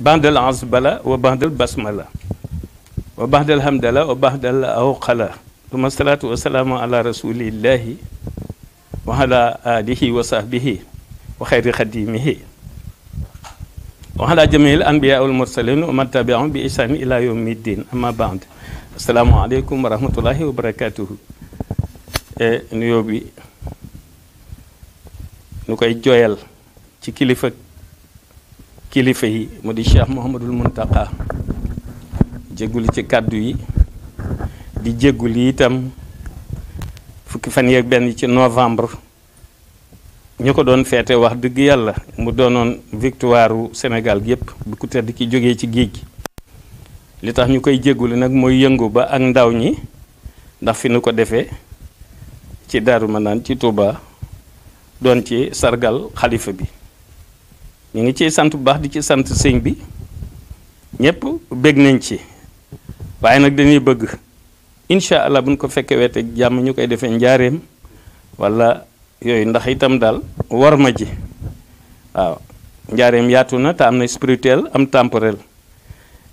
bandal azbala wa bandal basmala wa bandal hamdala wa bandal awqala tuma salaatu wasalaamu ala rasulillahi wa ala alihi wa sahbihi wa xayri xadimihi wa ala jamiil anbiyaa wal mursalin wa man tabiahum bi ihsaan ila yawmi ddin amma baad asalaamu aleykum wa rahmatullahi wa barakatuhu e, nuyoo bi nu koy jooyal ci kilifa kilifa yi mu di Cheikh Mouhamadul Mountakha jéggulu ci kàddu yi di jéggulu itam fukki fan yeeg benn ci novembre ñu ko doon feete wax dëgg yàlla mu doonoon victoire senegal Sénégal gi yëpp bu ku tedd ki jógee ci géej gi li tax ñu koy jéggulu nag mooy yëngu ba ak ndaw ñi ndax fi nu ko defee ci Daaru Manaan ci Touba doon ci sargal xalifa bi ñu ngi ciy sant bu baax di ci sant sëñ bi ñëpp bég nañ ci waaye nag dañuy bëgg incha allah buñ ko fekkee weete jàmm ñu koy defee njaareem wala yooyu ndax itam daal war ma ji waaw njaareem yaatu na te am na spirituel am temporel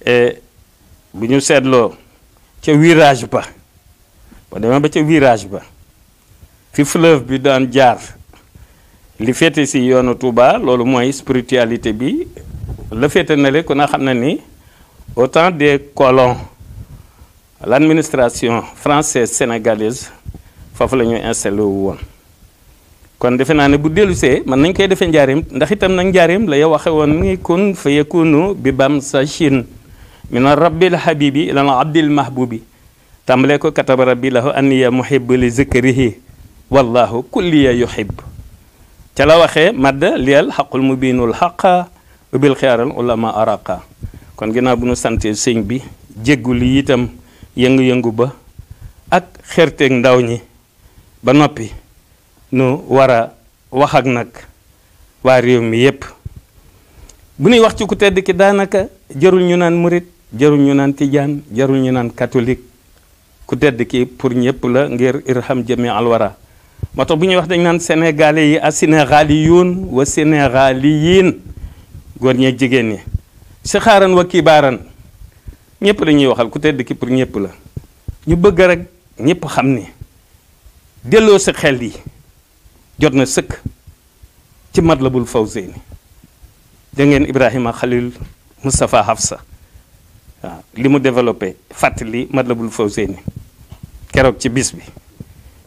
e, bu ñu seetloo ca virage ba ba demee ba ca virage ba fi fleuve bi daan jaar li féete si yoonu Touba loolu mooy spiritualité bi la féete na le ku na xam na ni au temps des colons l'administration française sénégalaise foofu la ñuy woon kon defe naa ne bu dellusee mën nañ koy defee njaareem ndax itam nag njaareem la yow woon ni kun fa yakunu bi bam sa chin mina rabbil habibi ilal abdil mahbubi tàmbalee ko kataba rabbi lahu anniya muhibbu li zikrihi wallahu kulliya yuhib ca la waxee madd liyal xaqul mu biinul xaqa ubil xiyaaral ulama araqa kon ginnaaw bu nu santee sëñ bi jéggu li itam yëngu-yëngu ba ak xerteeg ndaw ñi ba noppi nu war wax ak nag waa réew mi yépp bu ñuy wax ci ku tedd ki daanaka jërul ñu naan murit jarul ñu naan tijaan jarul ñu naan katolik ku tedd ki pour ñëpp la ngir irham jami alwara moo tax bu ñuy wax dañ naan sénégalais yi a sénégaliyuun wa sénégaliyiin góor ñeeg jigéen ñi si xaaran wa kibaaran ñëpp lañuy waxal ku tedd ki pour ñëpp la ñu bëgg rek ñëpp xam ni delloo si xel yi jot na sëkk ci Matlabul Fawzayni da ngeen Ibrahima Khalil Moustapha Hafsa waaw li mu développé fàttali Matlabul Fawzayni keroog ci bis bi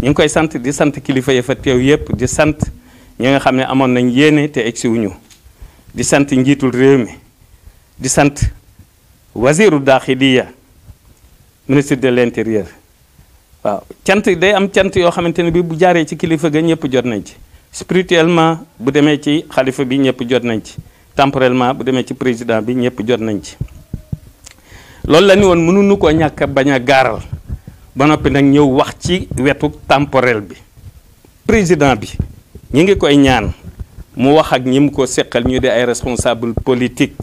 ñu ngi koy sant di sant kilifa ya fa teew yëpp di sant ñi nga xam ne amoon nañ yéene te egsi di sant njiitul réew mi di sant wasiiru daaxiliya ministre de l'intérieur waaw cant day am cant yoo xamante ne bi bu jaaree ci kilifa ga ñëpp jot nañ ci spirituellement bu demee ci xalifa bi ñëpp jot nañ ci temporellement bu demee ci président bi ñëpp jot nañ ci loolu la ni woon mënuñu ko ñàkk bañ a gaaral ba noppi nag ñëw wax ci wetu temporel bi président bi ñu ngi koy ñaan mu wax ak ñi mu ko seqal ñu de ay responsable politique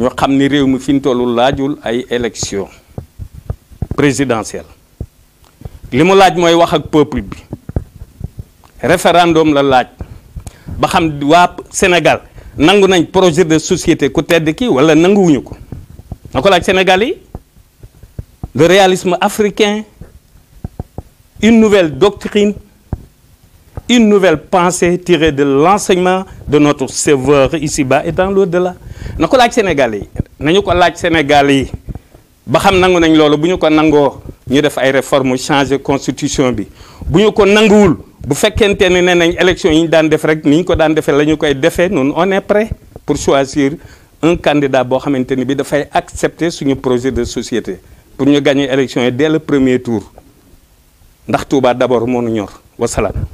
ñu xam ni réew mi fi ñu tollu laajul ay élection présidentielle li mu laaj mooy wax ak peuple bi référendum la laaj ba xam waa Sénégal nangu nañ projet de société ku tedd ki wala nanguwuñu ko na laaj Sénégal yi le réalisme africain une nouvelle doctrine, une nouvelle pensée tirée de l'enseignement de notre sauveur ici-bas et dans l'au-delà na ko laaj Sénégal yi nañu ko laaj Sénégal yi ba xam nangu nañ loolu bu ñu ko nangoo ñu def ay réformes changer constitution bi bu ñu ko nanguwul bu fekkente ne nee nañ élection yi ñu daan def rek ni ñu ko daan defee la ñu koy defee noonu on est prêt pour choisir un candidat boo xamante ni bi dafay accepter suñu projet de société pour ñu gagner élection yi dès le premier tour ndax Touba d'abord moo nu ñor wasalaam.